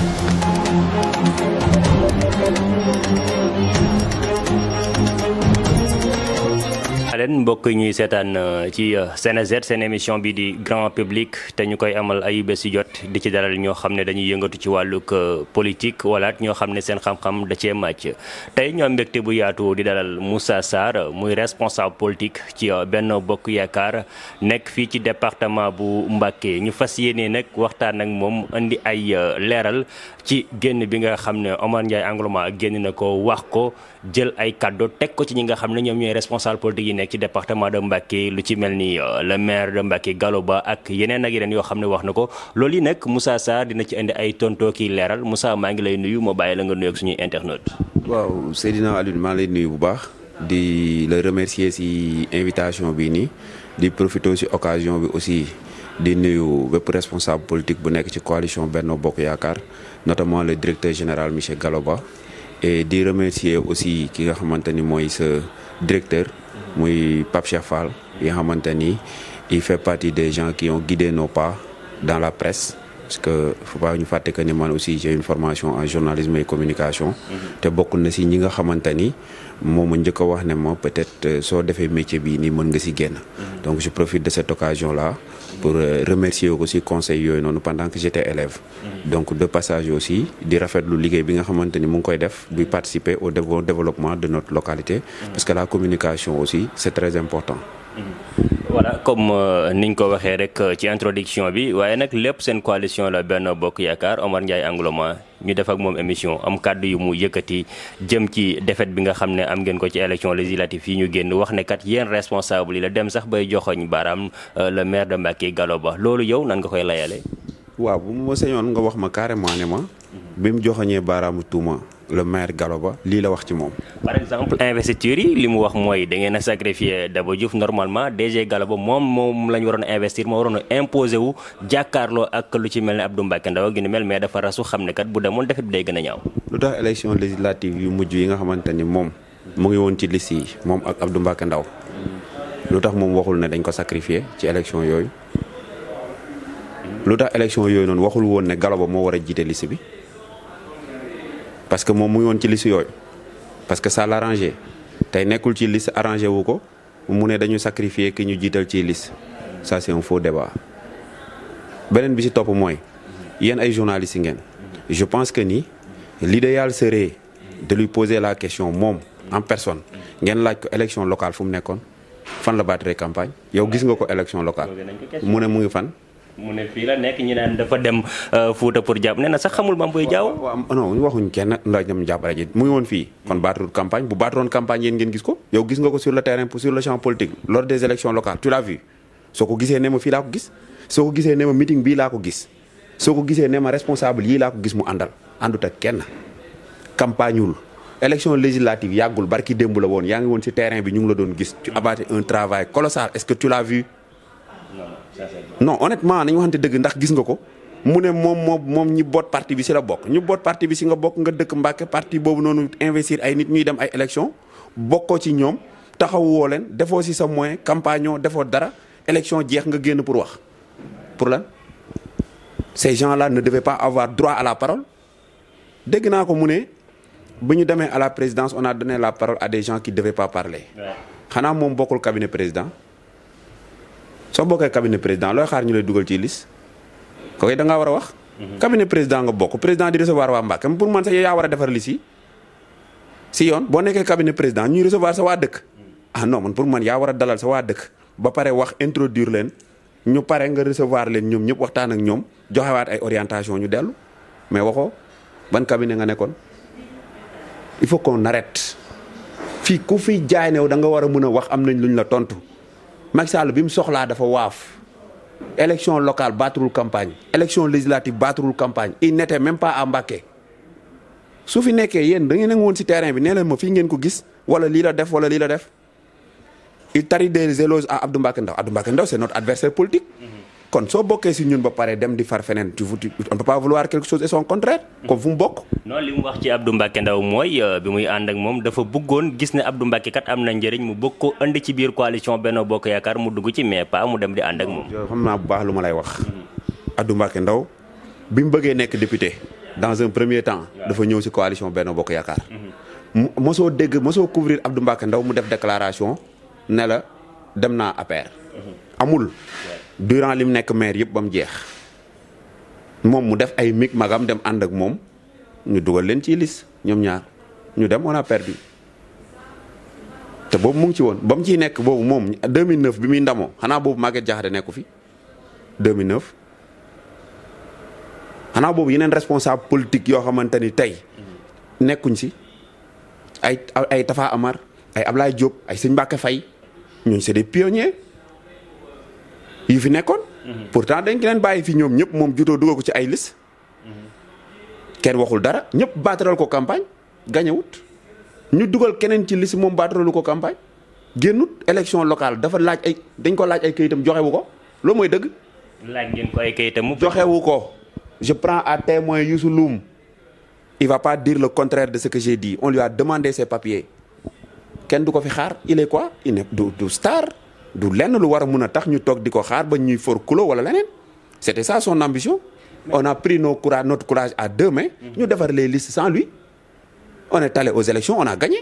Thank you. leen mbokk ñuy seetaan euh, ci euh, Senejet seen émission bi di grand public te ñu koy amal ay bés jot di ci dalal ñoo xam ne dañuy yëngatu ci wàllug euh, politique walaat ñoo xam ne seen xam-xam da cee màcc. tey ñoo mbégte bu yaatu di dalal musa Sarr muy responsable politique ci benn Bokk Yaakaar nekk fii ci département bu Mbacké ñu fas yéene nag waxtaan ak moom indi ay leeral ci génn bi nga xam ne Omar Ndiaye Angloma génn na ko wax ko. jël ay cadeau tek ko ci ñi nga xam ne ñoom ñooy responsable politique yi nekk ci département de Mbacké lu ci mel euh, le maire de Mbacké Galoba ak yeneen ak yeneen yoo xam ne wax na ko loolu yi nag Moussa Sarr dina ci indi ay tontoo ki leeral Moussa maa ngi lay nuyu ma bàyyi la nga nuyoog suñuy internaute waaw Seydina Alioune maa lay nuyu bu baax di la remercier si invitation bi nii di profiter si occasion bi aussi di nuyu bépp responsable politique bu nekk ci coalition Benno Bokk Yaakaar notamment le directeur général Michel Galoba et de remercier aussi qui nga maintenu moi ce directeur moi Pape Chafal, qui yi maintenu il fait partie des gens qui ont guidé nos pas dans la presse parce que faut pas une fois que ni aussi j'ai une formation en journalisme et communication mhm. Et beaucoup na si ñi nga xamante ni moom peut-être euh, soo defee métier bi nii mën nga mhm. donc je profite de cette occasion là pour euh, remercier aussi conseil conseillers pendant que j'étais élève mhm. donc de passage aussi di rafetlu ligue bi nga xamanteni koy def pour participer au développement de notre localité mhm. parce que la communication aussi c'est très important mhm. voilà comme euh, niñ ko waxé rek euh, ci introduction bi waaye nak lepp une coalition la Benno Bokk yakar Omar Ndiaye Angloma ñu def ak moom émission am kàddu yi mu yëkkati jëm ci défaite bi nga xam ne am ngeen ko ci élection législative yi ñu génn wax ne kat yéen responsable yi la dem sax bay joxoñ baaraam euh, le maire de Mbacké galo Ba loolu yow nan nga koy layale waaw bu ma sañoon nga wax ma carrément ne ma. bi mu joxoñee baaraamu tuuma. le maire Gallo Ba lii la wax ci moom. par exemple investiture yi li mu wax mooy da ngeen a sacrifier Daba Diouf normalement DG Gallo Ba moom moom lañu waroon investir moo waroon a imposer wu jàkkaarloo ak lu ci mel ne Abdou Mbacke Ndaw gi mel mais dafa rasu xam ne kat bu demoon defit bi day gën a ñaaw. lu tax élection législative yu mujj yi nga xamante ni moom mu ngi woon ci liste yi moom ak Abdou Mbacke Ndaw lu tax moom waxul ne dañ ko sacrifier ci élection yooyu lu tax élection yooyu noonu waxul woon ne Gallo moo war a jiite liste bi. parce que mon muy woon ci liste parce que ça l'arrangé tey nekkul ci liste arrangé wu quoi? ne dañu sacrifier ki ñu ci liste ça c'est un faux débat beneen bi ci topp mooy yéen ay journalistes ngeen je pense que ni l'idéal serait de lui poser la question mom, en personne ngeen la ko élection locale fu mu fan la battre campagne yow gis nga ko élection locale Mon ne fan mu ne fii la nekk ñi naan dafa dem euh, Fuuta pour jàpp nee sax xamul Mame Boye Diao. kenn ndax mu ngi woon fii. kon baatuwul campagne bu baatuwoon campagne yéen ngeen gis ko. yow gis nga ko sur le terrain sur le champ politique lors des élections locales tu l'as vu soo ko gisee ne fii laa ko gis soo ko gisee ne ma meeting bii laa ko gis soo ko gisee ne ma responsable yii laa ko gis mu àndal àndut ak kenn campagne wul élection législative yàggul barki démb la woon yaa ngi woon ci terrain bi ñu la doon gis. tu non honnêtement nañu waxante deug ndax gis nga ko mune mom mom moom ñi bot parti bi ci la Bok, ñu bot parti bi ci nga bok nga deuk mbacke parti bobu nonu investir ay nit ñuy dem ay élection bokko ci ñom taxaw woo leen defoo sa moyen campagne defo dara élection jeex nga génn pour wax pour lan ces gens-là ne devaient pas avoir droit à la parole deug naa ko mu ne bu ñu à la présidence on a donné la parole à des gens qui devaient pas parler xana mom bokul cabinet président so bokkee cabinet président looy xaar ñu lay dugal ci liste kooku da ngaa war a wax. Mhm. cabinet président nga bokk président di recevoir waa Mbacke pour man sax ya yaa war lisi. defar liste yi si yoon boo nekkee cabinet président ñuy recevoir sa ah non man pour man yaa war dalal sa waa dëkk ba pare wax introduire leen ñu pare nga recevoir leen ñoom ñëpp waxtaan ak ñoom joxewaat ay orientation ñu mais ban cabinet nga nekkoon il faut qu'on arrête fii ku fi jaay new da nga war a wax am nañ luñ la tontu. Macky Sall bim soxla dafa waaf élection locale battrul campagne élection législative battrul campagne il n'était même pas à Mbacké de fi yeen da ngeen ci terrain bi ko wala def wala def il tarit des à Abdou Mbacké Abdou c'est notre adversaire politique kon so ne si ñun ba pare dem di far fenen, tu on peut pas vouloir quelque chose et son contraire. comme vous que non li wax ci Abdou Ndaw euh, bi que ak dafa gis Abdou kat am coalition Benno yakar, mais pas dem di ak Je mm-hmm. Abdou Ndaw député. dans un premier temps dafa ñëw coalition Benno que yakar. Moso dégg moso couvrir Abdou je Ndaw def déclaration que la dem durant li mu nekk maire yëpp ba mu jeex moom mu def ay mig magam dem ànd ak moom ñu dugal leen ci liste ñoom ñaar ñu dem on a perdu te boobu mu ngi ci woon ba mu ciy nekk boobu moom 2009 bi muy ndamoo xanaa boobu Maguette Diakhaté nekku fi 2009 xanaa boobu yi yeneen responsable politique yoo xamante ni tey nekkuñ si ay ay Tafa Amar ay Ablaye Diop ay Sëñ Mbacke fay ñun c'est des yu fi nekkoon. Mhm. pourtant dañ leen bàyyi fi ñoom ñëpp moom jutoo dugal ko ci ay liste. Mhm. kenn waxul dara ñëpp baataral ko campagne gañewut ñu dugal keneen ci liste moom baataralu ko campagne génnut élection locale dafa laaj ay dañ ko laaj ay kayitam joxewu ko loolu mooy dëgg. laaj ngeen ko ay kayitam. joxewu ko je prends à témoin Youssou Loum il va pas dire le contraire de ce que j'ai dit on lui a demandé ses papiers kenn du ko fi xaar il est quoi il est du du star du lenn lu war a tax ñu tok diko xaar ba ñuy for kulo wala leneen c'était ça son ambition. on a pris nos courage notre courage à deux mains. Mhm. ñu defar les listes sans lui. on est allé aux élections on a gagné.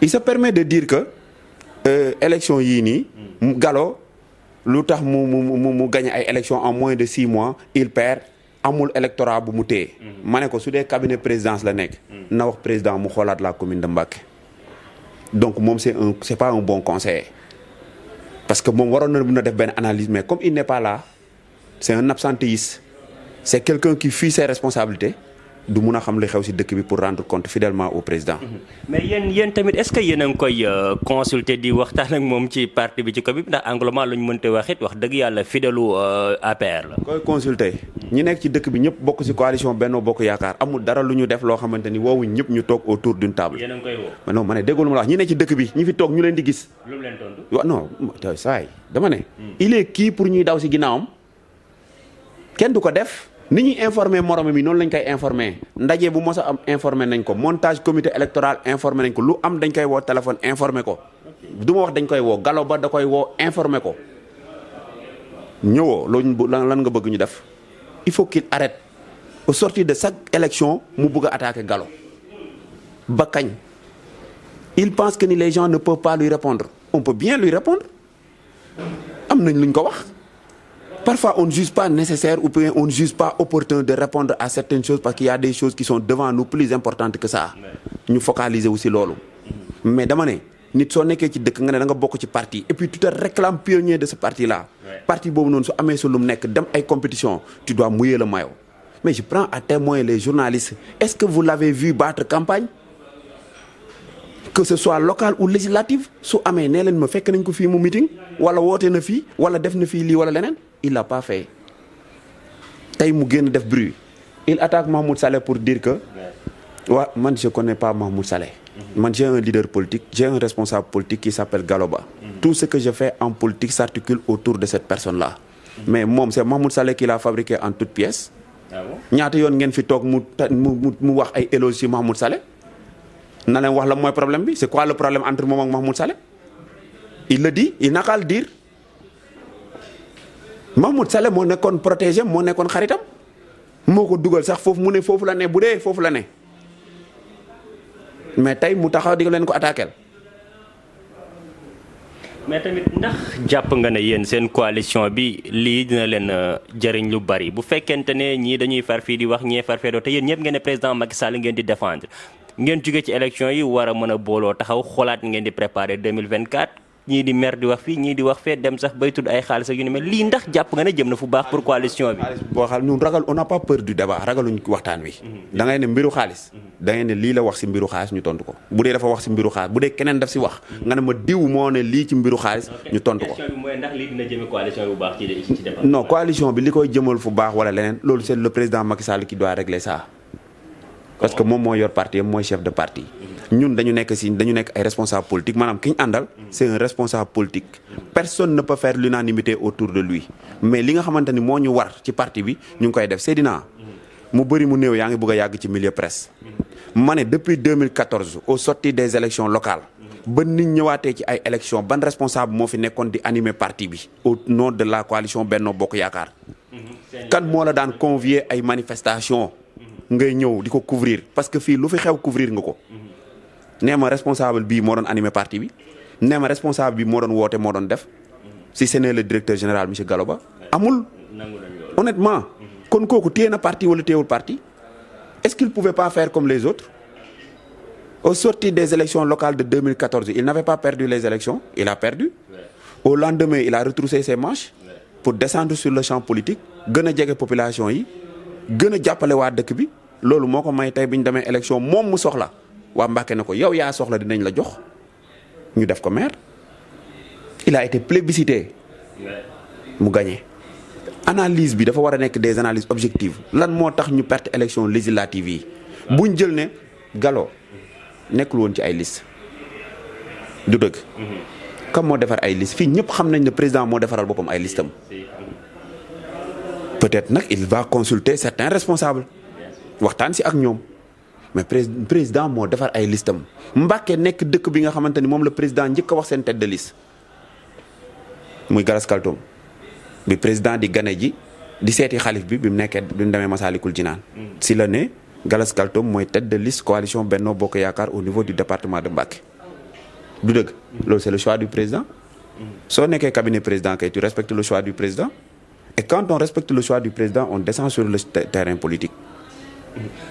il se permet de dire que euh, élection yi ni mhm. Gallo lu tax mu mu mu gagner ay élections en moins de six mois il perd amul électorat bu mu téye. Mhm. mané ko su dee cabinet présidence la nek na wax président mu xolat la commune de Mbacké donc moi, c'est pas un bon conseil. parce que mon analyse mais comme il n'est pas là c'est un absentiste, c'est quelqu'un qui fuit ses responsabilités du mun a xam li xew si dëkk bi pour rendre compte fidèlement au président. Mhm. mais yéen yéen tamit est ce que yéen a ngi koy euh, consulter di waxtaan ak moom ci parti bi ci bi ndax anglement lu ñu mënte wax it wax dëgg yàlla fidèlu euh, APR la. koy consulter ñi nekk ci dëkk bi ñëpp bokk si coalition Benno Bokk Yaakaar amul dara lu ñu def loo xamante ni woowuñ ñëpp ñu toog autour d'une table. yéen a ngi koy woo mais ma ne déggoo lu ma la wax ñi nekk ci dëkk bi ñi fi toog ñu leen di gis. lu mu leen saay dama ne. Hmm. il est kii pour ñuy daw si ginnaawam kenn du ko def ni ñuy informé moromam yi noonu lañ koy informé ndaje bu mos a am informé nañ ko montage comité électoral informé nañ ko lu am dañ koy woo téléphone informé ko du ma wax dañ koy woo galo ba da koy woo informé ko ñëwoo loolu lan nga bëgg ñu def il faut qu'il arrête au sortir de chaque élection mu bëgg attaquer attaqué galo ba kañ il pense que ni les gens ne peuvent pas lui répondre on peut bien lui répondre am nañ luñ ko wax Parfois, on ne juge pas nécessaire ou on ne juge pas opportun de répondre à certaines choses parce qu'il y a des choses qui sont devant nous plus importantes que ça. Nous focaliser aussi l'eau. Mais demandez, nit soo nekkee ci dëkk nga dans nga parti et puis tu te réclames pionnier de ce parti là. parti bon nous su amee sa lu dans la dem ay compétition tu dois mouiller le maillot. mais je prends à témoin les journalistes est-ce que vous l'avez vu battre campagne que ce soit local ou législative su amee nee leen ma fekk nañ ko fii mu meeting wala woote na ou wala def na wala il l'a pas fait def bruit il attaque Mahmoud Saleh pour dire que moi, ouais, je connais pas Mahmoud Saleh Moi mhm. j'ai un leader politique j'ai un responsable politique qui s'appelle Galoba mhm. tout ce que je fais en politique s'articule autour de cette personne là mhm. mais c'est Mahmoud Saleh qui l'a fabriqué en toutes pièces ah ñaata yoon ngeen fi toog mu mu mu wax ay Mahmoud Saleh wax problème c'est quoi le problème entre moi et Mahmoud Saleh il le dit il n'a qu'à le dire Mahmoud Saleh moo nekkoon protégé moo nekkoon xaritam moo ko dugal sax foofu mu ne foofu la ne bu dee foofu la ne mais tey mu taxaw di leen ko attaquer. mais tamit ndax jàpp nga ne yéen seen coalition bi lii dina leen euh, jëriñ lu bari bu fekkente ne ñii dañuy far fii di wax ñee far fee doo te yéen ñëpp ngeen ne président Macky Sall ngeen di défendre ngeen jóge ci election yi war a mën a booloo taxaw xoolaat ngeen di préparer 2024 ñi di mer di wax fi ñi di wax fe dem sax bay tud ay xaaliss ak yu ni mel li ndax japp nga ne jëm na fu baax pour coalition bi bo xal ñun ragal on n'a pas peur du débat ragaluñ waxtaan wi mhm. da ngay ne mbiru xaaliss da ngay ne li la wax ci mbiru xaaliss ñu tontu ko bu dé dafa wax ci mbiru xaaliss bu dé keneen daf ci wax mhm. nga ne ma diw mo ne li ci mbiru xaaliss ñu tontu ko non coalition bi likoy jëmal fu baax wala leneen lolu c'est le président Macky Sall qui doit régler ça parce que mom mo yor parti moy chef de parti mm -hmm. ñun dañu nekk si dañu nekk ay responsable politique maanaam ki ñu c'est un responsable politique personne ne peut faire l'unanimité autour de lui mais li nga xamante ni moo ñu war ci parti bi ñu ngi koy def Seydina mu bëri mu néew yaa ngi bëgg a yàgg ci milieu presse ma depuis 2014 au sorti des élections locales ba nit ñëwaatee ci ay élections ban responsable moo fi nekkoon di animer parti bi au nom de la coalition Benno Bokk Quand kan moo la daan convier ay manifestations ngay ñëw di ko couvrir parce que fii lu fi xew couvrir nga ko pas responsable qui a animé parti bi pas responsable bi a doon si ce n'est le directeur général monsieur Galoba amul honnêtement kon parti wala parti est-ce qu'il ne pouvait pas faire comme les autres au sorti des élections locales de 2014 il n'avait pas perdu les élections il a perdu au lendemain il a retroussé ses manches pour descendre sur le champ politique Il a population yi gën a wa dëkk bi lolu moko may tay élection yow soxla dinañ la jox ñu def il a été plébiscité mu gagné. analyse bi dafa a des analyses objectives lan ñu législative buñ jël ne Gallo nekkul woon ci ay liste du dëgg. Mm-hmm. kam moo defar ay liste fii xam nañ président moo defaral boppam ay peut-être il va consulter certains responsables waxtaan si ak ñoom mais président mo défar ay listam Mbàkke nek dëkk bi nga xamanteni mom le président ñëk wax sen tête de liste muy Galas le bi président di gane ji di séti xalif bi bi mu nekkee bi mu demee si le né Galas Kaltoum mooy tête de liste coalition Benno Bokk Yaakaar au niveau du département de Mbàkke du dëgg loolu c'est le choix du président so nekkee cabinet président kay tu respectes le choix du président et quand on respecte le choix du président on descend sur le terrain politique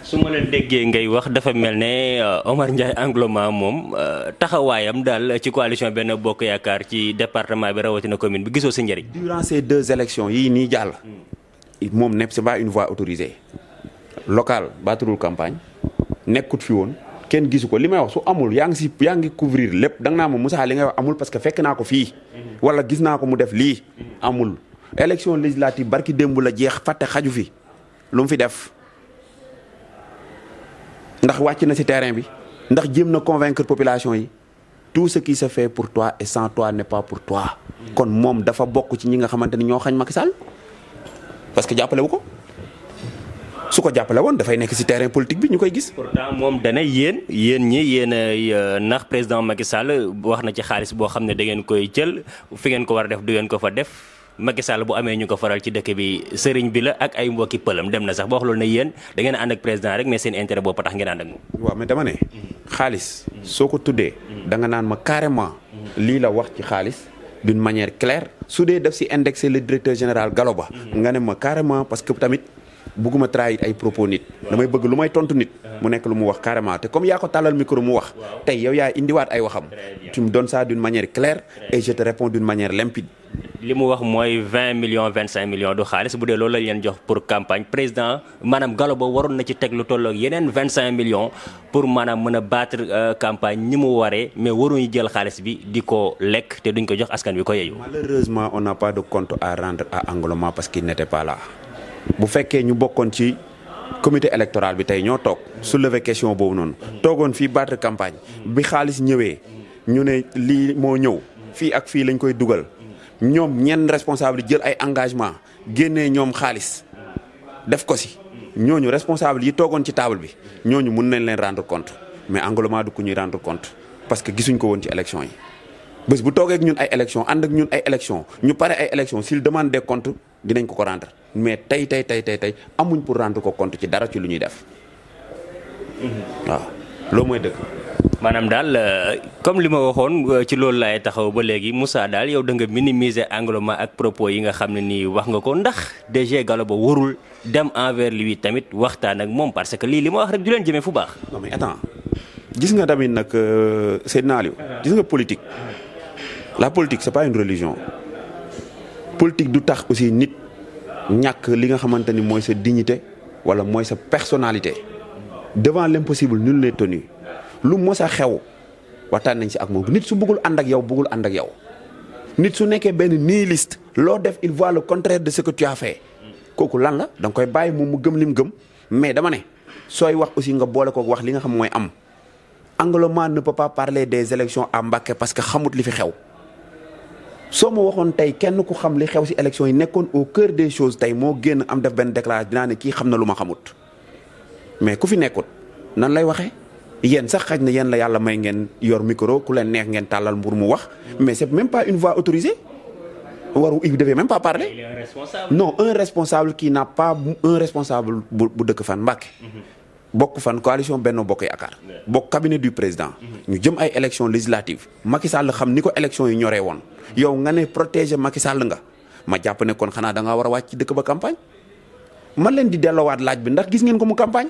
su ma la déggee ngay wax dafa mel ne euh, Omar Ndiaye Angloma moom euh, taxawaayam dal ci coalition benn bokk yaakaar ci département bi rawatina commune bi gisoo si njëriñ. durant ces deux élections yii nii jàll. moom nekk c'est pas une voie autorisée local baaturul campagne nekkut fi woon kenn gisu ko wax su amul yang si yaa ngi couvrir lépp da nga naa ma Moussa li ngay wax amul parce que fekk naa ko fii. wala gis naa ko mu def lii. amul élection législative barki démb la jeex fàtte xaju fi lu fi def. ndax wàcc na ci terrain bi ndax jëm na convaincre population yi tout ce qui se fait pour toi et sans toi n'est pas pour toi. kon mom dafa bok ci ñi nga xamanteni ño xagn xañ Macky Sall parce que jàppale wu ko su ko jàppale woon dafay nekk ci terrain politique bi ñukoy gis. pourtant moom dana yeen yeen ñi yeen ndax président Macky Sall wax na ci xaalis bo xam da ngeen koy jël fi ngeen ko wara def du ngeen ko fa def. Macky Sall bu amee ñu ko faral ci dëkk bi sëriñ bi la ak ay mbokki pëlam dem na sax ba wax loolu ne yéen da ngeen ànd ak président rek mais seen intérêt bopp tax ngeen ànd ak moom. waaw mais dama da nga naan ma carrément. la wax ci d'une manière claire daf si indexé le directeur général Galoba. nga ne ma carrément parce que tamit. bëgguma trahir ay propos nit damay bëgg lu may tontu nit mu nekk lu mu wax carrément te comme yaa ko tàllal micro mu ya wax yow ay waxam tu me donnes ça d'une manière claire et je te réponds d'une manière limpide li mu wax mooy 20 millions 25 millions du xaalis bu dee loolu lañ leen jox pour campagne président maanaam Gallo Ba waroon na ci teg lu tolloog yeneen millions pour maanaam mën a battre euh, campagne ñi mu waree mais waruñu jël xaalis bi di ko lekk te duñ ko jox askan wi ko yeyu malheureusement on n'a pas de compte à rendre à Angloma parce qu'il n'était pas là bu fekkee ñu bokkoon ci. comité électoral bi tey ñoo toog soulever question boobu noonu toogoon fii battre campagne bi xaalis ñëwee ñu ne lii moo ñëw fii ak fii lañ koy dugal ñoom ñenn responsable jël ay engagement génnee ñoom xaalis def ko si ñooñu responsable yi toogoon ci table bi ñooñu mun nañ leen rendre compte mais Angloma du ku ñuy rendre compte parce que gisuñ ko woon ci élection yi bés bu toogee ak ñun ay élection ànd ak ñun ay élection ñu pare ay élection s'il demande des comptes dinañ ko ko rendre mais tey tey tey tey tey amuñ pour rendre ko compte ci dara ci lu ñuy def waaw loolu mooy dëgg maanaam daal euh, comme li ma waxoon euh, ci loolu laay taxaw ba léegi Moussa daal yow da nga minimiser Angloma ak propos yi nga xam ne nii wax nga ko ndax DG Gallo Ba warul dem envers lui tamit waxtaan ak moom parce que lii li ma wax rek du leen jëmee fu baax. non gis nga tamit nag euh, Seydina Aliou gis nga politique la politique c'est pas une religion politique du tax aussi nit ñàkk li nga xamante ni mooy sa dignité wala mooy sa personnalité devant l'impossible nul n'est tenu lu mës xew waxtaan nañ ci ak moom nit su bëggul ànd ak yow bëggul ànd ak yow nit su nekkee benn nihiliste loo def il voit le contraire de ce que tu as fait kooku lan la da koy bàyyi moom mu gëm lim gëm mais dama ne sooy wax aussi nga boole kook wax li nga xam mooy am Anglomane ne peut pas parler des élections à Mbacké parce que xamut li fi xew soo ma waxoon tey kenn ku xam li xew si élections yi nekkoon au cœur des choses tey moo génn am def benn déclaration dinaa ne kii xam na lu ma xamut mais ku fi nekkut nan lay waxee yéen sax xaj na la yalla may ngeen yor micro ku len neex ngeen talal mbur mu wax mais c'est même pas une voix autorisée waru il devait même pas parler il est un responsable. non un responsable qui n'a pas un responsable bu bu dëkk fan Mbàkke mhm. bokk fan coalition Benno Bokk yakar bokk cabinet du président mhm. ñu jëm ay élection législative Macky Sall xam n'iko élection yi ñoree woon mhm. yow nga né protéger Macky Sall nga ma japp ne kon xana da nga wara wacc deuk ba campagne man len di delloowaat laaj bi ndax gis ngeen ko mu campagne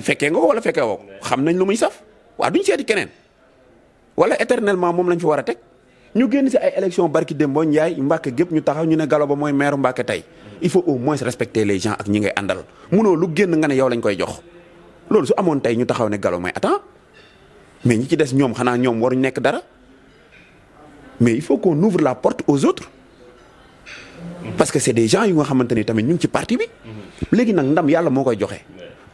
fekkee nga wala fekkee woo xam nañ lu muy saf waaw duñ seeti keneen wala éternellement moom lañ fi war a teg ñu génn si ay élection barki Demba Ndiaye Mbacke gépp ñu taxaw ñu ne Gallo Ba mooy maire Mbacke tey il faut au moins respecter les gens ak ñi ngay àndal munoo lu génn nga ne yow lañ koy jox loolu su amoon tey ñu taxaw ne galo mooy attends mais ñi ci des ñoom xanaa ñoom waru nekk dara mais il faut qu'on ouvre la porte aux autres parce que c'est des gens yu nga xamante ni tamit ñu ngi ci parti bi mm-hmm. léegi nag ndam yàlla moo koy joxe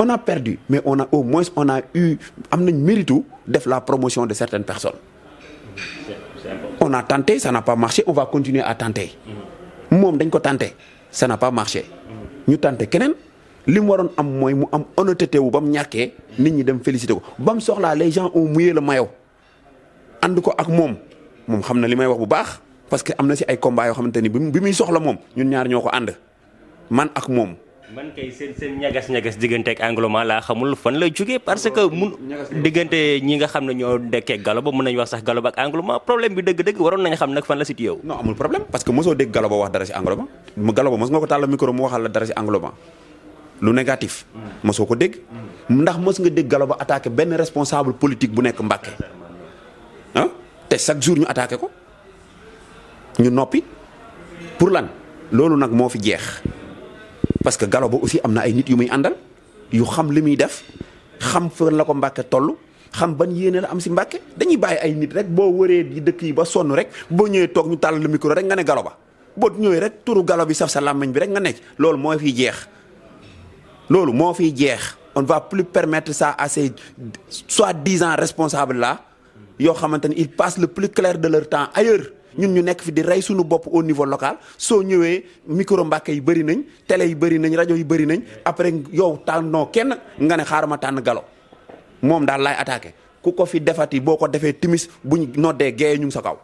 on a perdu mais on a au moins on a eu am nañ de def la promotion de certaines personnes on a tenté ça n'a pas marché on va continuer à tenter moom dañ ko tenter, ça n'a pas marché ñu tenter Kenen, li mu waroon am mooy mu am honnêteté wu ba mu ñàkkee nit ñi dem félicité ko ba mu les gens ont mouillé le maillot ànd ko ak moom moom xam na li may wax bu baax parce que am na si ay combat yoo xamante ni bi muy soxla moom ñun ñaar ñoo ko ànd man ak moom man kay seen seen ñagas ñagas diggante ak kamu laa xamul fan la jóge parce que mun diggante ñi nga xam ñoo dekkee galoba mun nañ wax sax galoba ak angloma problème bi dëgg dëgg waroon nañ xam nag fan la situé wu non amul problème parce que dégg galoba wax dara si angloma mu galoba mos nga ko micro mu waxal la dara si angloma lu négatif mm. mosoo ko dégg ndax mos nga dégg galoba attaqué benn responsable politique bu nekk mbàkke ah te chaque jour ñu attaqué ko ñu noppi pour lan loolu nag fi jeex parce que Galo ba aussi amna ay nit yu muy andal yu xam li def xam feul la ko Mbàkke toll xam ban yene la am si Mbàkke dañuy baye ay nit rek bo wëree di dëkk yi ba sonu rek bo ñëwee tok ñu tal le micro rek nga né Galo ba boo ñëwee rek turu Galo bi saf sa làmmiñ bi rek nga né loolu mo fi jeex loolu mo fi jeex on va plus permettre ça à ces soi-disant responsables là yo xamante ni ils passent le plus clair de leur temps ailleurs ñun ñu nekk fi di rey suñu bopp au niveau local soo ñëwee micro mbàkke yi bëri nañ tele yi bëri nañ rajo yi bëri nañ après yow tànnoo kenn nga ne ma tànn galo moom daal laay attaqué ku ko fi defati boo ko defee timis buñ noddee gee ñu ngi sa kaw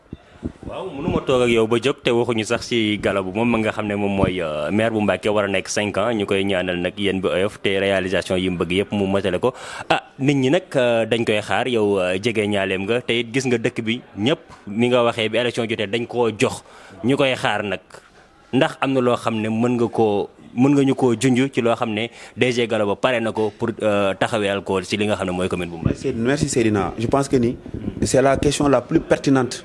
waaw mënuma toog ak yow ba jóg te waxuñu sax ci gala bu moom ma nga xam ne moom mooy euh, maire bu ke war a nekk 5 ans ñu koy ñaanal nag yéen bi oyof te réalisation yi mu bëgg yëpp mu matale ko ah nit ñi nag euh, dañ koy xaar yow euh, jege ñaaleem nga te gis nga dëkk bi ñëpp ni nga waxee bi élection jotee dañ koo jox ñu koy xaar nag ndax am na loo xam ne mën nga koo mën nga koo junj ci loo xam ne DG Gallo Ba pare na ko pour taxawee alcool ci li nga xam ne mooy commune bu Mbàkke merci Seydina je pense que ni c'est la question la plus pertinente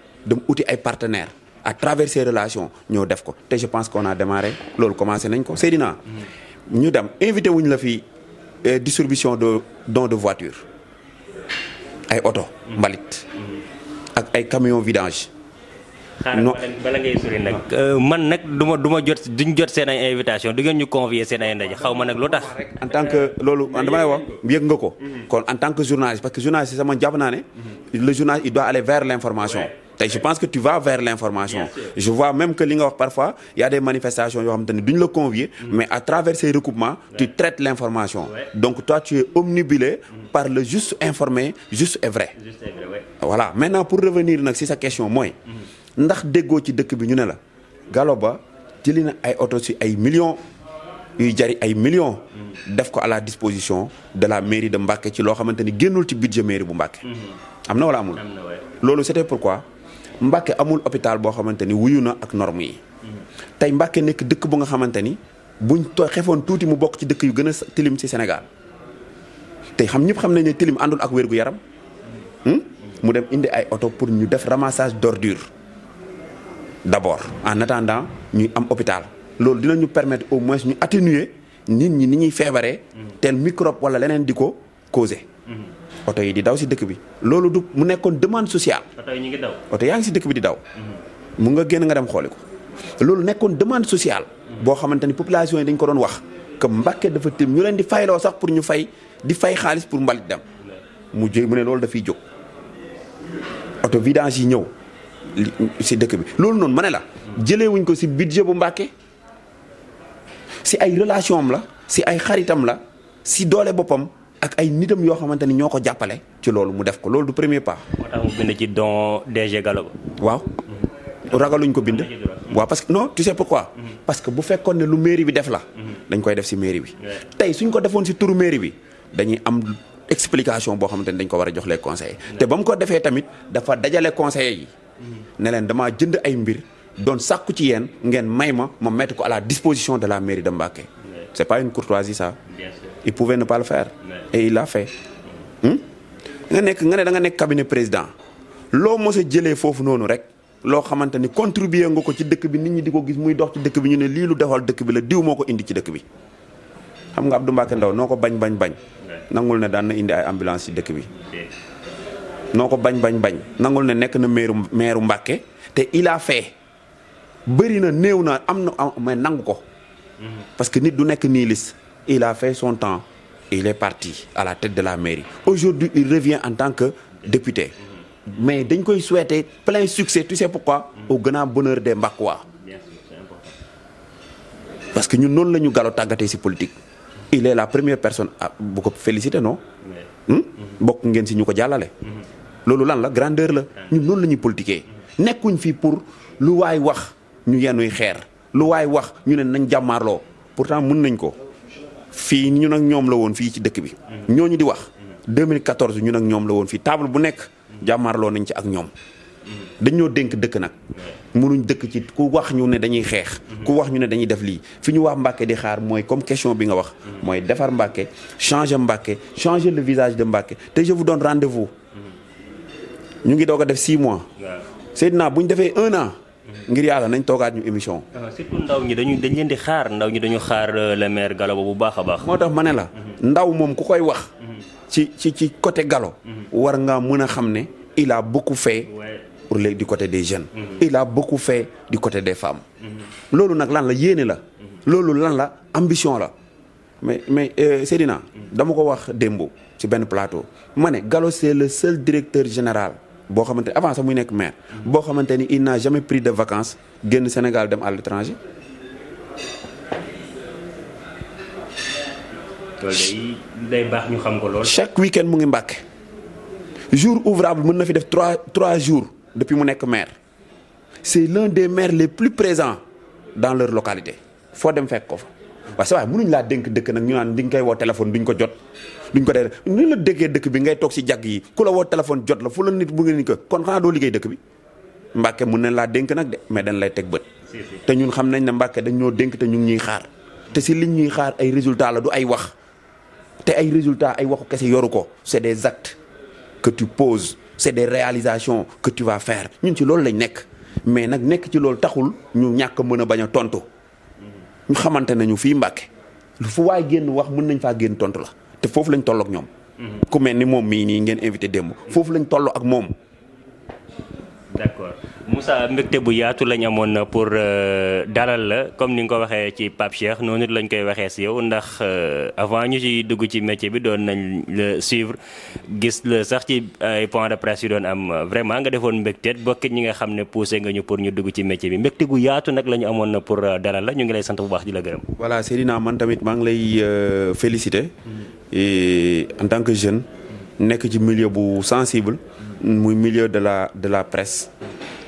dem outil ay partenaires à travers ces relations ñoo def ko je pense qu'on a démarré lolu commencé nañ ko Seydina ñu dem invité wuñ la fi euh, distribution de dons de voiture ay auto balit ak ay camion vidange non bala ngay euh, man nak duma duma jot duñ jot seen invitation du ngeen ñu convier seen ay ndaje xaw ma en tant que loolu dama lay wax yëg nga ko mm-hmm. kon en tant que journaliste parce que journaliste sama jàpp le journaliste il doit aller vers l'information je pense que tu vas vers l'information je vois même que parfois, il y a des manifestations yoo le convier mm. mais à travers ces recoupements tu traites l'information donc toi tu es omnibulé mm. par le juste informé juste et vrai voilà maintenant pour revenir c'est sa question Moi, mm. ndax déggoo ci que bi ñu ne la Gallo millions yuy jari ay millions def à la disposition de la mairie de Mbaké. ci loo xamante génnul ci budget mairie de Mbaké. Mm-hmm. c'était pourquoi Mbàkke amul hôpital boo xamante ni wuyu na ak normes yi. tey Mbàkke nekk dëkk bu nga xamante ni buñ too xefoon tuuti mu bokk ci dëkk yu gën a tilim ci Sénégal tey xam ñëpp xam nañ ne tilim àndul ak wérgu yaram. Hmm? mu dem indi ay oto pour ñu def ramassage d'ordure d'abord en attendant ñuy am hôpital loolu dina ñu permettre au moins ñu atténuer nit ñi ni ñuy feebaree. Hmm. tel microbe wala leneen di ko causer. oto yi di daw si dëkk bi loolu du mu nekkoon demande sociale. oto ñu ngi daw oto yaa ngi si dëkk bi di daw. mu nga génn nga dem xooli ko loolu nekkoon demande social boo xamante ni population yi dañ ko doon wax que Mbàkke dafa tim ñu leen di fayloo sax pour ñu fay di fay xaalis pour mbalit dem mu jë mu ne loolu dafay jóg oto vidange yi ñëw si dëkk bi loolu noonu ma ne la jëlewuñ ko si budget bu Mbàkke si ay relation am la si ay xaritam la si doole boppam. ak ay nitam yo xamanteni ñoko jappalé ci loolu mu du premier pas. don DG waaw ragaluñ ko bind. parce que non tu sais pourquoi. Mm-hmm. parce que bu fekkone lu mairie bi def la. Mm-hmm. dañ koy def mairie bi. si mairie bi dañuy am explication dañ ko ko tamit dafa yi. Mm-hmm. ne jënd ay mbir ci à la disposition de la mairie de c'est pas une courtoisie ça il pouvait ne pas le faire et il l'a fait hmm? nga nekk nga ne da nga nekk cabinet président loo mos a jëlee foofu noonu rek lo xamante contribuer nga ko ci dëkk bi nit ñi di ko gis muy dox ci dëkk bi ñu ne lii lu defal dëkk bi la diw moo ko indi ci dëkk bi xam nga Abdou Mbacké Ndaw noo ko bañ bañ bañ nangul ne daan na indi ay ambulance ci dëkk bi noo ko bañ bañ bañ nangul ne nekk na maire maire Mbacké te il a fait bëri na néew na am na mais nangu ko mhm. parce que nit du nekk nii lis il a fait son temps, il est parti à la tête de la mairie. Aujourd'hui, il revient en tant que député. Mais nous koy souhaiter plein succès, tu sais pourquoi Au grand bonheur des Parce que nous non la nous galo tàggatee ci politique. Il est la première personne à féliciter non hmm? bokk ngeen nous ñu ko jàllale. Mm-hmm. loolu lan la grandeur la ñun noonu la ñuy politiquer nekkuñ fi pour lu nous wax ñu cher. xeer lu wax ñu ne nañ jàmmaarloo pourtant mën nañ ko ñun ak ñom la woon fi ci dëkk bi. 2014 ñun ak ñom la table bu nekk. lo nañ ci ak ñoom. dañoo nous dëkk nak mënuñ dëkk ci ku wax ñu ne dañuy xex ku wax ñu ne dañuy def fi ñu wax di xaar comme question bi nga wax. moy nous mbacké changer mbacké changer le visage de nous je vous donne rendez-vous. ñu ngi doga 6 mois. Seydina bu nous 1 an ngir yàlla nañ togaat ñu émission. Ah, surtout ndaw ñi dañu dañ leen di xaar ndaw ñi dañu xaar euh, le maire galo bu baaxa baax. motax mané la. Mhm. ndaw mom ku koy wax. Mhm. ci ci ci côté galo mhm. war nga mëna xamné il a beaucoup fait. pour les du côté des jeunes. il a beaucoup fait du côté des femmes. lolu nak lan la yéene la. lolu lan la ambition la. mais mais euh, Seydina. dama ko wax dembo ci ben plateau. mané galo c'est le seul directeur général boo xamante avant ça muy nekk maire. boo xamante il n'a jamais pris de vacances au Sénégal dem à l'étranger. chaque week-end mu ngi Mbàkke jour ouvrable mën na fi def trois jours depuis mon nekk maire c'est l'un des maires les plus présents dans leur localité foo dem fekk ko waaye sa waay mënuñ laa dénk dëkk nag ñu naan diñ koy woo téléphone duñ ko jot duñ ko dee ñu la déggee dëkk bi ngay toog si jagg yi ku la woo téléphone jot la fu la nit bu ngeen ko kon xanaa doo liggéey dëkk bi Mbàkke mun nañ laa dénk nag de mais dañ lay teg bët te ñun xam nañ ne Mbàkke dañ ñoo dénk te ñu ngi ñuy xaar te si liñ ñuy xaar ay résultat la du ay wax te ay résultat ay waxu kese yoru ko c'est des actes que tu poses c'est des réalisations que tu vas faire ñun ci loolu lañ nekk mais nag nekk ci loolu taxul ñu ñàkk mën a bañ a tontu ñu xamante nañu fii Mbàkke lu fu waay génn wax mën nañ faa génn tontu la te foofu lañ toll ak ñoom. Mhm. ku mel ni moom mii nii ngeen invité démb. foofu lañ toll ak moom. Moussa mbégte bu yaatu lañ amoon na pour euh, dalal la comme ni nga ko waxee ci Pape Cheikh noonu lañu koy waxee si yow ndax euh, avant ñu ci dugg ci métier bi doon nañ la suivre gis la sax ci ay point de presse yu doon am vraiment nga defoon mbégteet bokkit ñi nga xam ne poussé nga ñu pour ñu dugg ci métier bi mbégte gu yaatu nag la ñu amoon na pour euh, dalal la ñu ngi lay sant bu baax di la gërëm. voilà Seydina man tamit maa ngi lay féliciter. Mm-hmm. et en tant que jeune. nekk ci milieu bu sensible. muy milieu de la de la presse.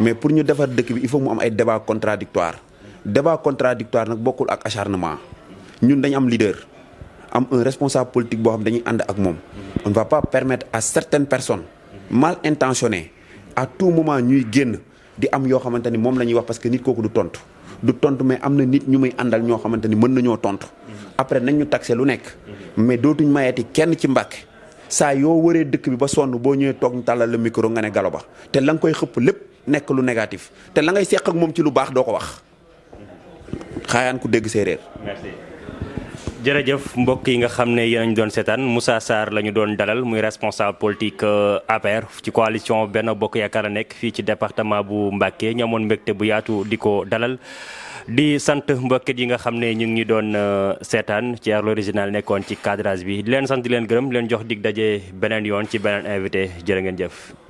mais pour ñu defar dëkk bi il faut mu am ay débat contradictoire débat contradictoire nak bokkul ak acharnement ñun dañ am leader am un responsable politique bo xam dañuy and ak mom on va pas permettre à certaines personnes mal intentionnées à tout moment ñuy génn di am yo xamanteni mom lañuy wax parce que nit koku du tontu du tontu mais amna nit ñu muy àndal ñoo xamante ni mën nañoo tontu après nañ ñu taxé lu nekk mais dootuñ mayati kenn ci Mbàkke saa yo wëree dëkk bi ba sonn bo ñëw tok ñu tàllal la micro nga né galoba té te koy xëpp lépp Nek lu négatif te la ngay seq ak moom ci lu baax doo wax xaayaan ku dégg séeréer merci jërëjëf mbokk yi nga xam ne yéen doon seetaan Moussa Sarr la ñu doon dalal muy responsable politique euh, APR ci coalition benn bokk yaakaar a nekk fii ci département bu Mbacké ñu amoon mbégte bu yaatu di ko dalal di sante mbokket yi nga xam ne ñu ngi doon euh, seetaan ci Erl Original nekkoon ci cadrage bi di leen sant di leen gërëm di leen jox dig daje beneen yoon ci beneen invité jërë ngeen jëf